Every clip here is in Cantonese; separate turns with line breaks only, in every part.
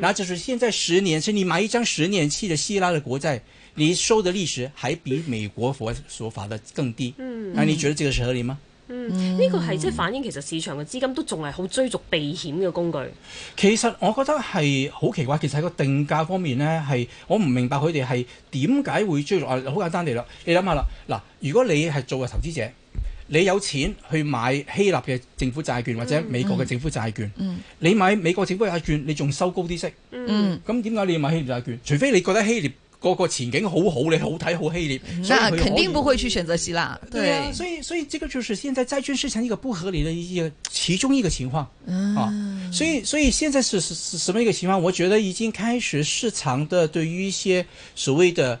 那、嗯、就是現在十年，是你買一張十年期的希臘的國債，你收的利息還比美國佛所發的更低。嗯，那你覺得這個是合理嗎？嗯，
呢、這個係即係反映其實市場嘅資金都仲係好追逐避險嘅工具、嗯嗯。
其實我覺得係好奇怪，其實喺個定價方面呢，係我唔明白佢哋係點解會追逐。好、啊、簡單地啦，你諗下啦，嗱，如果你係做個投資者。你有錢去買希臘嘅政府債券或者美國嘅政府債券、嗯嗯，你買美國政府債券你仲收高啲息，咁點解你要買希臘債券？除非你覺得希臘嗰個,個前景好好，你好睇好希臘所以以。那肯定
不會去選擇希臘對,對所以所以這個就
是現在債券市場一個不合理的一個其中一個情況、嗯、啊。所以所以現在是,是什麼一個情況？我覺得已經開始市場的對於一些所謂的。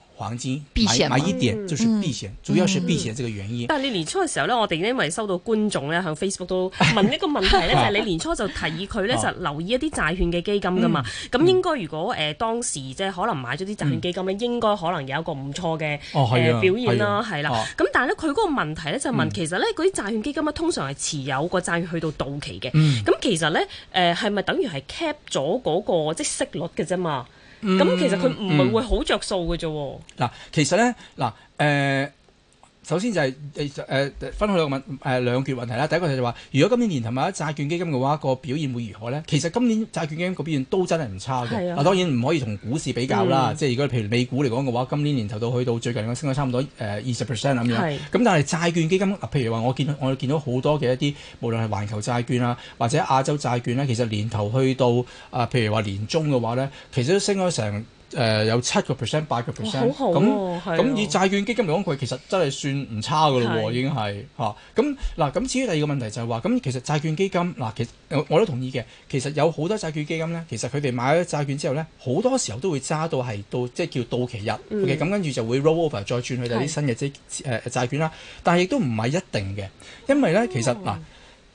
黃金避險，買一點就是避險、嗯，主要是避險這個原因。但係
你年初嘅時候咧，我哋因為收到觀眾咧喺 Facebook 都問呢個問題咧，係 你年初就提議佢咧 就留意一啲債券嘅基金噶嘛？咁、嗯、應該如果誒、嗯呃、當時即係可能買咗啲債券基金咧、嗯，應該可能有一個唔錯嘅誒表現啦，係、嗯、啦。咁但係咧佢嗰個問題咧、嗯、就問，其實咧嗰啲債券基金咧通常係持有個債券去到到期嘅，咁、嗯、其實咧誒係咪等於係 cap 咗嗰個即、就是、息率嘅啫嘛？咁其實佢唔係會好着數㗎啫喎。
嗱，嗯嗯，其實咧，嗱，誒。首先就係、是、誒、呃、分開兩個問誒兩橛問題啦。第一個就係話，如果今年年頭買債券基金嘅話，個表現會如何咧？其實今年債券基金個表現都真係唔差嘅。啊，當然唔可以同股市比較啦、嗯。即係如果譬如美股嚟講嘅話，今年年頭到去到最近，佢升咗差唔多誒二十 percent 咁樣。咁但係債券基金譬如話我見我哋見到好多嘅一啲，無論係環球債券啊，或者亞洲債券咧，其實年頭去到啊、呃，譬如話年中嘅話咧，其實都升咗成，誒、呃、有七個 percent、八個 percent 咁，咁、啊、以債券基金嚟講，佢其實真係算唔差噶咯喎，已經係嚇。咁、啊、嗱，咁至於第二個問題就係話，咁其實債券基金嗱、啊，其實我，我都同意嘅。其實有好多債券基金咧，其實佢哋買咗債券之後咧，好多時候都會揸到係到即係、即係、叫到期日，OK，咁、嗯、跟住就會 roll over 再轉去就啲新嘅啲誒債券啦、呃。但係亦都唔係一定嘅，因為咧其實嗱、啊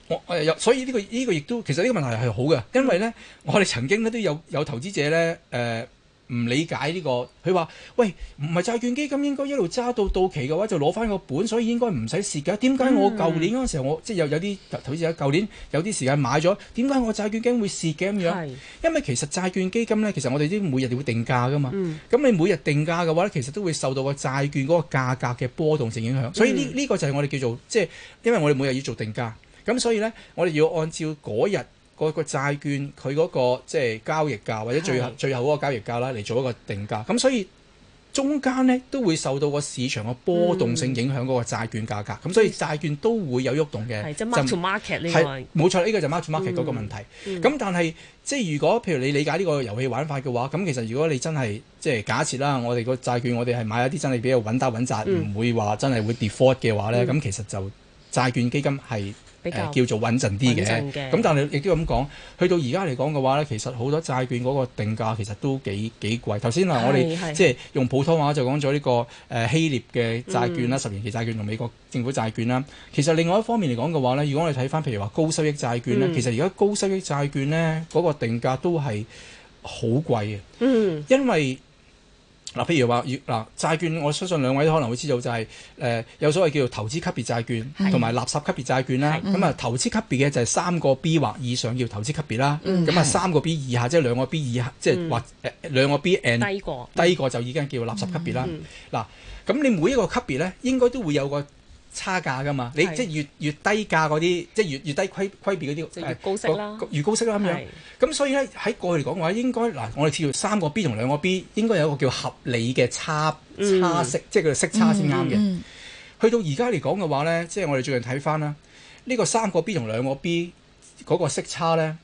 哦，我、呃、所以呢、呢個呢、呢個亦都其實呢個問題係好嘅，因為咧、嗯、我哋曾經咧都有有投資者咧誒。呃唔理解呢、呢個，佢話：喂，唔係債券基金應該一路揸到到期嘅話就攞翻個本，所以應該唔使蝕㗎。點解我舊年嗰時候、嗯、我即係有有啲，好似喺舊年有啲時間買咗，點解我債券基金會蝕嘅咁樣？因為其實債券基金咧，其實我哋啲每日哋會定價㗎嘛。咁、嗯、你每日定價嘅話咧，其實都會受到個債券嗰個價格嘅波動性影響。所以呢呢、嗯呢個就係我哋叫做即係，因為我哋每日要做定價，咁所以咧，我哋要按照嗰日。個個債券佢嗰、那個即係交易價，或者最後的最後好個交易價啦，嚟做一個定價。咁所以中間咧都會受到個市場嘅波動性影響嗰個債券價格。咁、嗯、所以債券都會有喐動嘅。係 mark-to-market 呢個係冇錯，呢、這個就 mark-to-market、嗯、嗰、那個問題。咁、嗯、但係即係如果譬如你理解呢個遊戲玩法嘅話，咁其實如果你真係即係假設啦，我哋個債券我哋係買一啲真係比較穩打穩紮，唔、嗯、會話真係會 default 嘅話咧，咁、嗯、其實就債券基金係。誒叫做穩陣啲嘅，咁但係亦都咁講，去到而家嚟講嘅話呢，其實好多債券嗰個定價其實都幾幾貴。頭先嗱，我哋即係用普通話就講咗呢個誒希臘嘅債券啦、嗯、十年期債券同美國政府債券啦。其實另外一方面嚟講嘅話呢，如果我哋睇翻譬如話高收益債券咧，嗯、其實而家高收益債券呢嗰個定價都係好貴嘅，嗯、因為。嗱，譬如話，嗱，債券，我相信兩位都可能會知道，就係，就、呃、係有所謂叫做投資級別債券同埋垃圾級別債券啦。咁啊、嗯，投資級別嘅就係三個 B 或以上叫投資級別啦。咁啊，三個 B 以下即係兩個 B 以下即係或誒兩個 B and 低過，低過就已經叫垃圾級別啦。嗱、嗯，咁你每一個級別咧，應該都會有個。差價㗎嘛？你即係越、越低價嗰啲，即係越、越低規、規別嗰啲，越高息啦，越高息啦。咁樣咁，所以咧喺過去嚟講嘅話，應該嗱，我哋知道三個 B 同兩個 B，應該有一個叫合理嘅差、差息，即係叫息差先啱嘅。去到而家嚟講嘅話咧，即係我哋最近睇翻啦，呢個三個 B 同兩個 B 嗰個息差咧，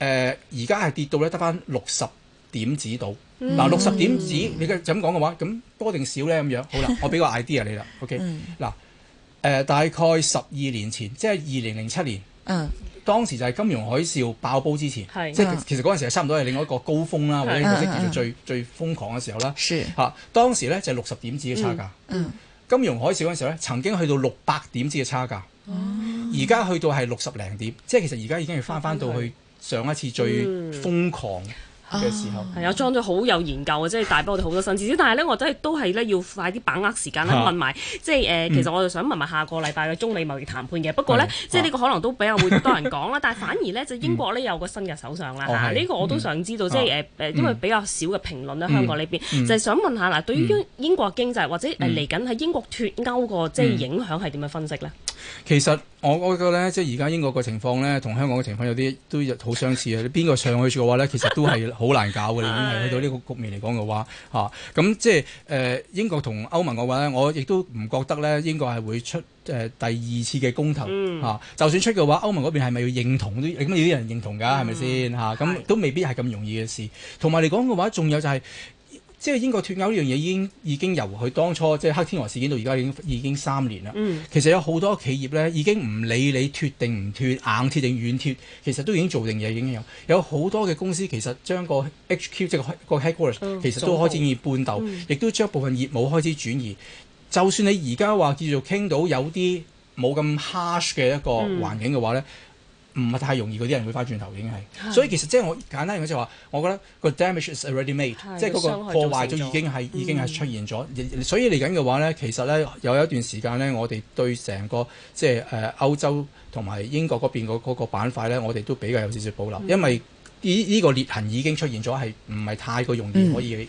誒而家係跌到咧得翻六十點指到。嗱，六十點子，你嘅咁講嘅話，咁多定少咧咁樣？好啦，我俾個 idea 你啦，OK？嗱，誒大概十二年前，即係二零零七年，嗯，當時就係金融海嘯爆煲之前，即係其實嗰陣時差唔多係另外一個高峰啦，或者叫做最最瘋狂嘅時候啦，係嚇當時咧就六十點子嘅差價，金融海嘯嗰陣時候咧曾經去到六百點子嘅差價，而家去到係六十零點，即係其實而家已經要翻翻到去上一次最瘋狂。嘅時候
係啊，裝咗好有研究啊，即係帶畀我哋好多新知識。但係咧，我真係都係咧要快啲把握時間啦。問、啊、埋，即係誒、呃嗯。其實我就想問埋下，下個禮拜嘅中美貿易談判嘅。不過咧、嗯啊，即係呢個可能都比較會多人講啦、啊。但係反而咧、嗯，就英國咧有個新嘅首相啦嚇。呢、啊嗯這個我都想知道，啊、即係誒誒，因為比較少嘅評論咧，香港呢邊、嗯嗯、就係、是、想問一下嗱、嗯，對於英國英國經濟或者誒嚟緊喺英國脫歐個即係影響係點樣分析咧？
其實我我覺得咧，即係而家英國個情況咧，同香港嘅情況有啲都好相似。你邊個上去住嘅話咧，其實都係好難搞嘅。已經係去到呢個局面嚟講嘅話，嚇、啊、咁即係誒、呃、英國同歐盟嘅話咧，我亦都唔覺得咧英國係會出誒、呃、第二次嘅公投嚇、啊。就算出嘅話，歐盟嗰邊係咪要認同啲？咁要啲人認同㗎，係咪先嚇？咁、啊、都未必係咁容易嘅事。同埋嚟講嘅話，仲有就係、是。即係英國脫歐呢樣嘢已經已經由佢當初即係黑天鵝事件到而家已經已經三年啦、嗯。其實有好多企業呢，已經唔理你脫定唔脫，硬脫定軟脫，其實都已經做定嘢，已經有有好多嘅公司其實將個 HQ 即係個 headquarters 其實都開始移搬竇，亦、嗯、都將部分業務開始轉移。就算你而家話叫做傾到有啲冇咁 harsh 嘅一個環境嘅話呢。嗯唔係太容易，嗰啲人會翻轉頭已經係，所以其實即係我簡單用講就係話，我覺得個 damage is already made，即係嗰個破壞咗已經係已經係出現咗、嗯。所以嚟緊嘅話呢，其實呢，有一段時間呢，我哋對成個即係誒歐洲同埋英國嗰邊嗰個板塊呢，我哋都比較有少少保留，嗯、因為呢呢、這個裂痕已經出現咗，係唔係太過容易可以。嗯